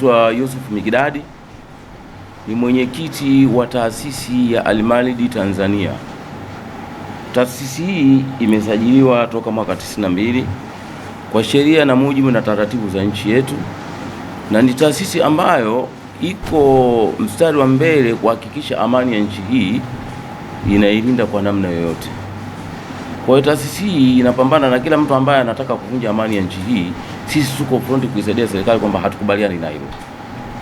Naitwa Yusuf Mikidadi ni mwenyekiti wa taasisi ya Almalidi Tanzania. Taasisi hii imesajiliwa toka mwaka 92 kwa sheria na mujibu na taratibu za nchi yetu, na ni taasisi ambayo iko mstari wa mbele kuhakikisha amani ya nchi hii inailinda kwa namna yoyote. Kwa hiyo taasisi hii inapambana na kila mtu ambaye anataka kuvunja amani ya nchi hii sisi tuko front kuisaidia serikali kwamba hatukubaliani na hilo.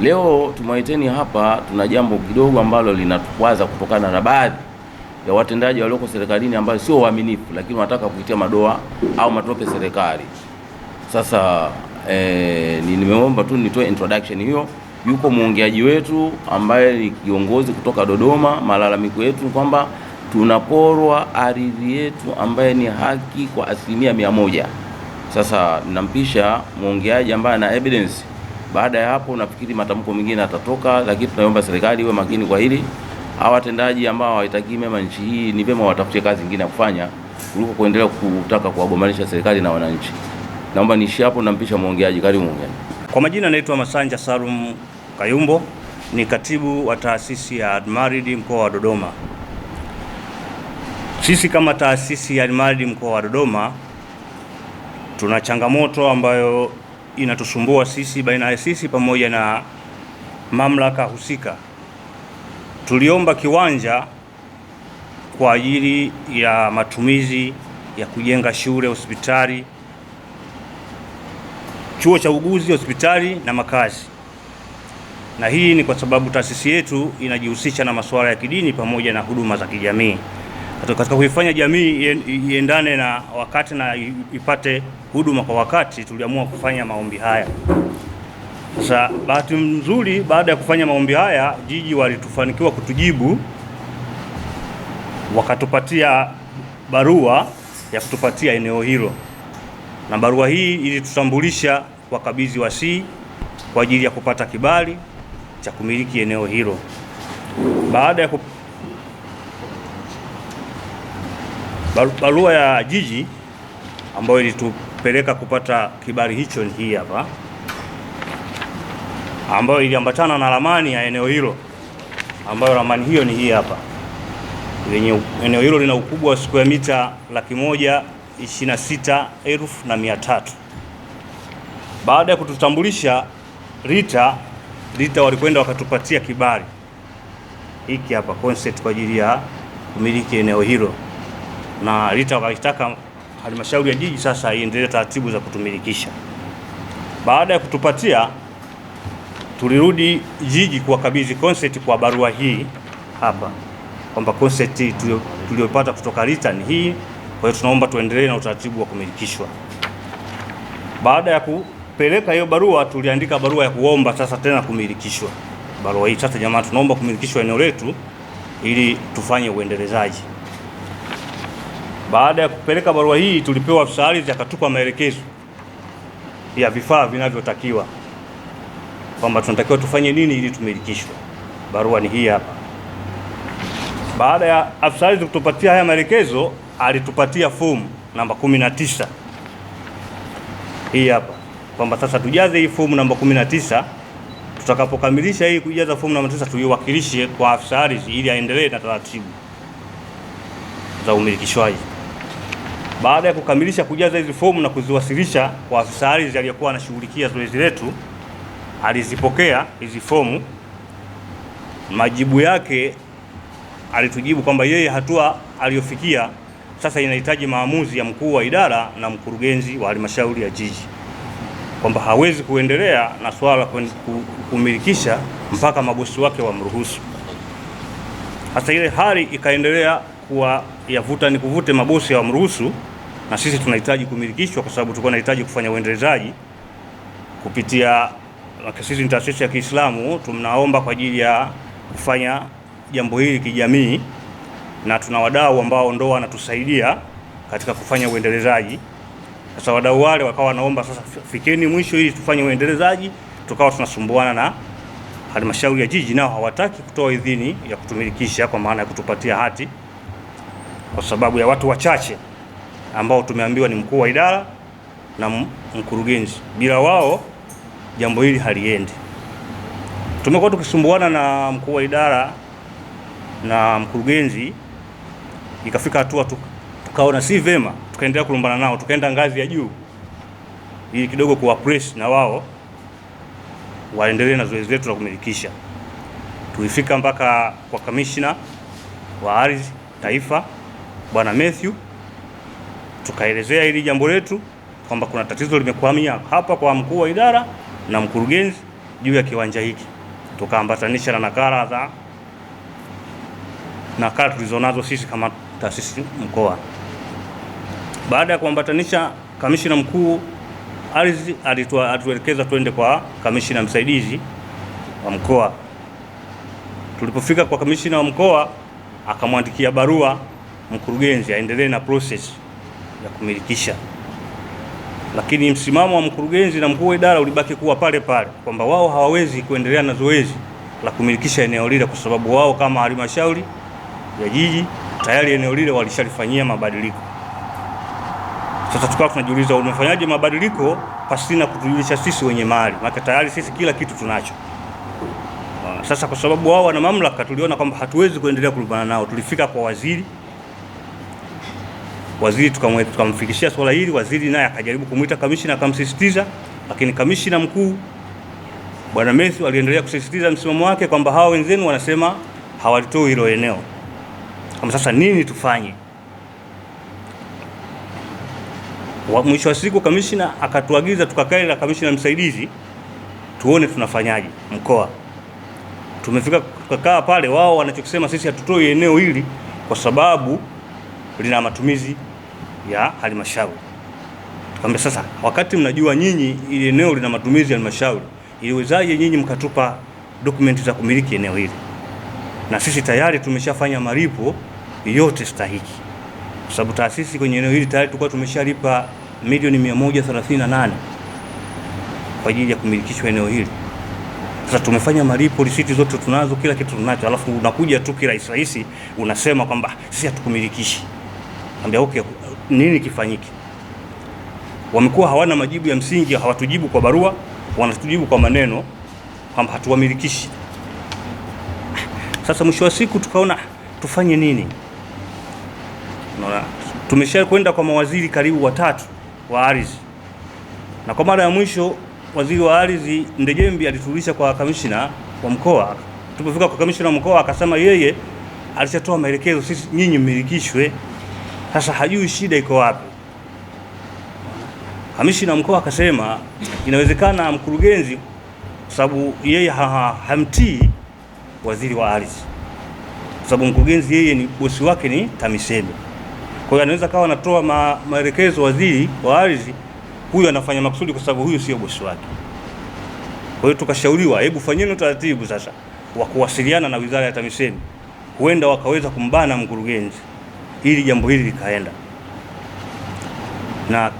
Leo tumewaiteni hapa, tuna jambo kidogo ambalo linatukwaza kutokana na baadhi ya watendaji walioko serikalini ambao sio waaminifu, lakini wanataka kuitia madoa au matope serikali. Sasa eh, nimeomba tu nitoe introduction hiyo. Yuko mwongeaji wetu ambaye ni kiongozi kutoka Dodoma. Malalamiko yetu kwamba tunaporwa ardhi yetu ambaye ni haki kwa asilimia mia moja. Sasa nampisha mwongeaji ambaye ana evidence. Baada ya hapo, nafikiri matamko mengine atatoka, lakini tunaomba serikali iwe makini kwa hili. Hawa watendaji ambao hawaitakii mema nchi hii, ni vema watafute kazi nyingine ya kufanya kuliko kuendelea kutaka kuwagombanisha serikali na wananchi. Naomba niishi hapo, nampisha mwongeaji. Karibu mwongeaji. Kwa majina naitwa Masanja Salum Kayumbo, ni katibu wa taasisi ya Almaridi mkoa wa Dodoma. Sisi kama taasisi ya Almaridi mkoa wa Dodoma tuna changamoto ambayo inatusumbua sisi baina ya sisi pamoja na mamlaka husika. Tuliomba kiwanja kwa ajili ya matumizi ya kujenga shule, hospitali, chuo cha uguzi, hospitali na makazi, na hii ni kwa sababu taasisi yetu inajihusisha na masuala ya kidini pamoja na huduma za kijamii. Katika kuifanya jamii iendane na wakati na ipate huduma kwa wakati, tuliamua kufanya maombi haya. Sasa bahati nzuri, baada ya kufanya maombi haya, jiji walitufanikiwa kutujibu, wakatupatia barua ya kutupatia eneo hilo, na barua hii ilitutambulisha wa wasii kwa ajili ya kupata kibali cha kumiliki eneo hilo. Baada ya Barua ya jiji ambayo ilitupeleka kupata kibali hicho ni hii hapa, ambayo iliambatana na ramani ya eneo hilo, ambayo ramani hiyo ni hii hapa yenye eneo hilo lina ukubwa wa square mita laki moja ishirini na sita elfu na mia tatu. Baada ya kututambulisha RITA, RITA walikwenda wakatupatia kibali hiki hapa, consent kwa ajili ya kumiliki eneo hilo na RITA wakaitaka halmashauri ya jiji sasa iendelee taratibu za kutumilikisha. Baada ya kutupatia, tulirudi jiji kuwakabidhi konseti kwa barua hii hapa kwamba konseti tuliyopata kutoka RITA ni hii, kwa hiyo tunaomba tuendelee na utaratibu wa kumilikishwa. Baada ya kupeleka hiyo barua, tuliandika barua ya kuomba sasa tena kumilikishwa. Barua hii sasa, jamaa, tunaomba kumilikishwa eneo letu ili tufanye uendelezaji. Baada ya kupeleka barua hii, tulipewa afisa ardhi akatupa maelekezo ya vifaa vinavyotakiwa kwamba tunatakiwa tufanye nini ili tumilikishwe. Barua ni hii hapa. Baada ya afisa ardhi kutupatia haya maelekezo, alitupatia fomu namba 19 hii hapa, kwamba sasa tujaze hii fomu namba 19. Tutakapokamilisha hii kujaza fomu namba 9, tuiwakilishe kwa afisa ardhi ili aendelee na taratibu za umilikishwaji. Baada ya kukamilisha kujaza hizi fomu na kuziwasilisha kwa afisa ardhi aliyekuwa anashughulikia zoezi letu, alizipokea hizi fomu. Majibu yake alitujibu kwamba yeye hatua aliyofikia sasa inahitaji maamuzi ya mkuu wa idara na mkurugenzi wa halmashauri ya jiji, kwamba hawezi kuendelea na swala kumilikisha mpaka mabosi wake wamruhusu. Sasa ile hali ikaendelea kuwa yavuta ni kuvute, mabosi hawamruhusu na sisi tunahitaji kumilikishwa, kwa sababu tulikuwa tunahitaji kufanya uendelezaji kupitia. Sisi ni taasisi ya Kiislamu, tunaomba kwa ajili ya kufanya jambo hili kijamii, na tuna wadau ambao ndo wanatusaidia katika kufanya uendelezaji. Sasa wadau wale wakawa wanaomba sasa, fikeni mwisho ili tufanye uendelezaji, tukawa tunasumbuana na halmashauri ya jiji, nao hawataki kutoa idhini ya kutumilikisha, kwa maana ya kutupatia hati kwa sababu ya watu wachache ambao tumeambiwa ni mkuu wa idara na mkurugenzi. Bila wao jambo hili haliendi. Tumekuwa tukisumbuana na mkuu wa idara na mkurugenzi, ikafika hatua tukaona si vema, tukaendelea kulumbana nao, tukaenda ngazi ya juu ili kidogo press na wao waendelee na zoezi letu la kumilikisha. Tulifika mpaka kwa kamishna wa ardhi taifa Bwana Matthew tukaelezea hili jambo letu kwamba kuna tatizo limekwamia hapa kwa mkuu wa idara na mkurugenzi juu ya kiwanja hiki, tukaambatanisha na nakala za nakala tulizonazo sisi kama taasisi mkoa. Baada ya kuambatanisha, kamishina mkuu ardhi alituelekeza tuende kwa kamishina msaidizi wa mkoa. Tulipofika kwa kamishina wa mkoa, akamwandikia barua mkurugenzi aendelee na process ya kumilikisha, lakini msimamo wa mkurugenzi na mkuu wa idara ulibaki kuwa pale pale kwamba wao hawawezi kuendelea na zoezi la kumilikisha eneo lile kwa sababu wao kama halmashauri ya jiji tayari eneo lile walishalifanyia mabadiliko. Sasa tukawa tunajiuliza umefanyaje mabadiliko pasina kutujulisha sisi wenye mali, maana tayari sisi kila kitu tunacho. Sasa kwa sababu wao wana mamlaka, tuliona kwamba hatuwezi kuendelea kulubana nao, tulifika kwa waziri waziri tukamfikishia swala hili, waziri naye akajaribu kumwita kamishina akamsisitiza, lakini kamishina mkuu Bwana Messi aliendelea kusisitiza msimamo wake kwamba hawa wenzenu wanasema hawalitoi hilo eneo. Kama sasa nini tufanye? Mwisho wa siku kamishina akatuagiza tukakae na kamishina msaidizi tuone tunafanyaje mkoa. Tumefika tukakaa pale, wao wanachokisema sisi hatutoi eneo hili kwa sababu lina matumizi ya halmashauri. Tukamwambia sasa, wakati mnajua nyinyi ili eneo lina matumizi ya halmashauri, iliwezaje nyinyi mkatupa dokumenti za kumiliki eneo hili? Na sisi tayari tumeshafanya malipo yote stahiki, kwa sababu taasisi kwenye eneo hili tayari tulikuwa tumeshalipa milioni 138 kwa ajili ya kumilikishwa eneo hili. Sasa tumefanya malipo, risiti zote tunazo, kila kitu tunacho, alafu unakuja tu kirahisi rahisi unasema kwamba sisi hatukumilikishi. Ambia okay, nini kifanyike. Wamekuwa hawana majibu ya msingi, hawatujibu kwa barua, wanatujibu kwa maneno kwamba hatuwamilikishi. Sasa mwisho wa siku tukaona tufanye nini? Unaona, tumesha kwenda kwa mawaziri karibu watatu wa ardhi, na kwa mara ya mwisho waziri wa ardhi Ndejembi alitulisha kwa kamishina wa mkoa. Tulipofika kwa kamishina wa mkoa akasema yeye alishatoa maelekezo, sisi nyinyi mmilikishwe. Sasa hajui shida iko wapi. Kamishna mkoa akasema inawezekana mkurugenzi, kwa sababu yeye ha -ha, hamtii waziri wa ardhi, kwa sababu mkurugenzi yeye ni bosi wake ni TAMISEMI. Kwa hiyo anaweza kawa anatoa ma maelekezo waziri wa ardhi, huyu anafanya makusudi, kwa sababu huyu sio bosi wake. Kwa hiyo tukashauriwa, hebu fanyeni utaratibu sasa wa kuwasiliana na wizara ya TAMISEMI, huenda wakaweza kumbana mkurugenzi ili jambo hili likaenda, na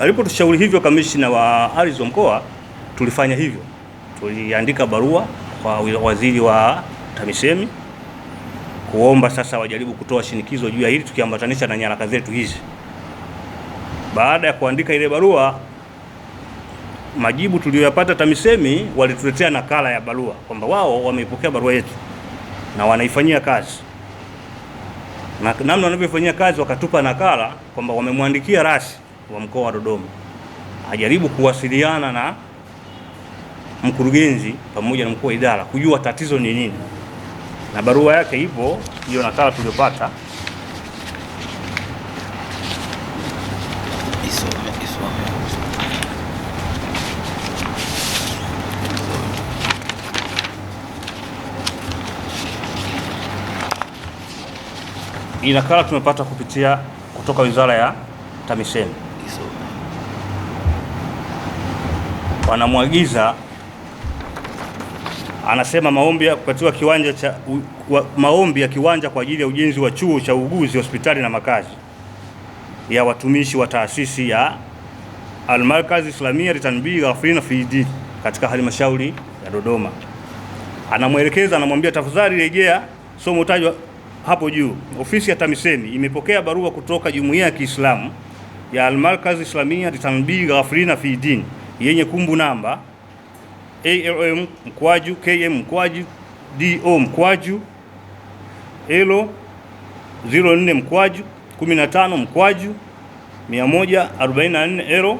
alipotushauri hivyo kamishna wa ardhi wa mkoa, tulifanya hivyo, tuliandika barua kwa waziri wa TAMISEMI kuomba sasa wajaribu kutoa shinikizo juu ya hili, tukiambatanisha na nyaraka zetu hizi. Baada ya kuandika ile barua, majibu tuliyoyapata TAMISEMI walituletea nakala ya barua kwamba wao wameipokea barua yetu na wanaifanyia kazi na namna wanavyofanyia kazi, wakatupa nakala kwamba wamemwandikia rasi wa mkoa wa Dodoma ajaribu kuwasiliana na mkurugenzi pamoja na mkuu wa idara kujua tatizo ni nini, na barua yake ipo hiyo nakala tuliyopata. Isome, isome. Inakala tumepata kupitia kutoka wizara ya TAMISEMI, wanamwagiza anasema maombi ya kupatiwa kiwanja cha maombi ya kiwanja kwa ajili ya ujenzi wa chuo cha uuguzi, hospitali na makazi ya watumishi wa taasisi ya Almarkazi Islamia Ritanbi Ghafrina Fidi katika halmashauri ya Dodoma. Anamwelekeza, anamwambia tafadhali rejea somo tajwa hapo juu, ofisi ya TAMISEMI imepokea barua kutoka jumuiya ya Kiislamu ya Almarkaz Islamia Tanbi Ghafrina fi Din yenye kumbu namba ALM mkwaju KM mkwaju DO mkwaju elo 04 mkwaju 15 mkwaju 144 ero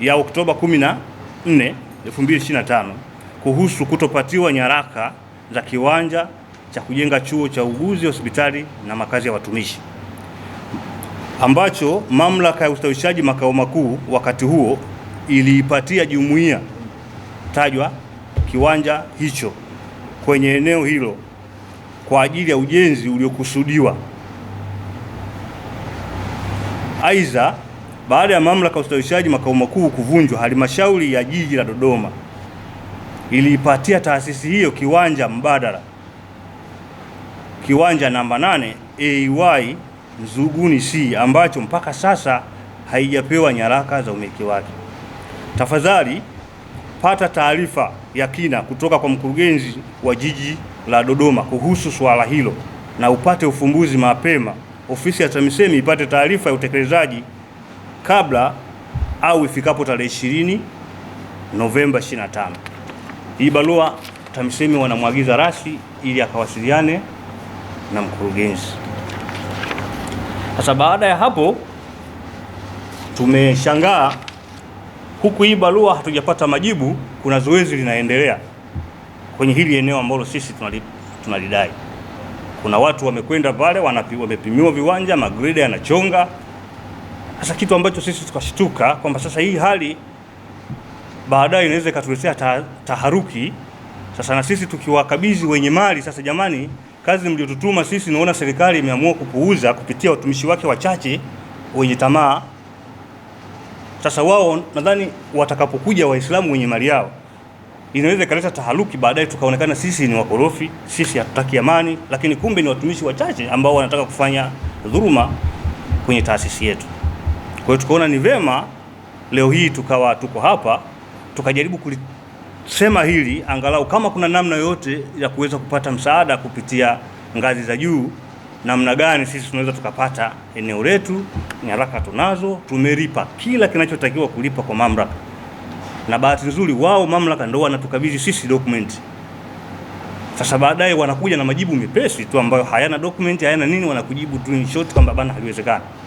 ya Oktoba 14 2025 kuhusu kutopatiwa nyaraka za kiwanja cha kujenga chuo cha uuguzi, hospitali na makazi ya watumishi ambacho mamlaka ya ustawishaji makao makuu wakati huo iliipatia jumuiya tajwa kiwanja hicho kwenye eneo hilo kwa ajili ya ujenzi uliokusudiwa. Aidha, baada ya mamlaka ya ustawishaji makao makuu kuvunjwa, halmashauri ya jiji la Dodoma iliipatia taasisi hiyo kiwanja mbadala kiwanja namba 8 AY Nzuguni C ambacho mpaka sasa haijapewa nyaraka za umiliki wake. Tafadhali pata taarifa ya kina kutoka kwa mkurugenzi wa jiji la Dodoma kuhusu swala hilo na upate ufumbuzi mapema. Ofisi ya TAMISEMI ipate taarifa ya utekelezaji kabla au ifikapo tarehe 20 Novemba 25. Hii barua TAMISEMI wanamwagiza rasmi ili akawasiliane na mkurugenzi. Sasa baada ya hapo tumeshangaa huku hii barua hatujapata majibu, kuna zoezi linaendelea kwenye hili eneo ambalo sisi tunalidai. Kuna watu wamekwenda pale, wamepimiwa viwanja, magreda yanachonga. Sasa kitu ambacho sisi tukashtuka kwamba sasa hii hali baadaye inaweza ikatuletea taharuki. Sasa na sisi tukiwakabidhi wenye mali, sasa jamani kazi mliotutuma sisi, naona serikali imeamua kupuuza kupitia watumishi wake wachache wenye tamaa. Sasa wao nadhani watakapokuja Waislamu wenye mali yao inaweza ikaleta taharuki baadaye, tukaonekana sisi ni wakorofi, sisi hatutaki amani, lakini kumbe ni watumishi wachache ambao wanataka kufanya dhuluma kwenye taasisi yetu. Kwa hiyo tukaona ni vema leo hii tukawa tuko hapa tukajaribu sema hili angalau kama kuna namna yoyote ya kuweza kupata msaada kupitia ngazi za juu, namna gani sisi tunaweza tukapata eneo letu. Nyaraka tunazo, tumelipa kila kinachotakiwa kulipa kwa mamlaka, na bahati nzuri wao mamlaka ndio wanatukabidhi sisi dokumenti. Sasa baadaye wanakuja na majibu mepesi tu ambayo hayana document, hayana nini, wanakujibu tu in short kwamba bana, haliwezekani.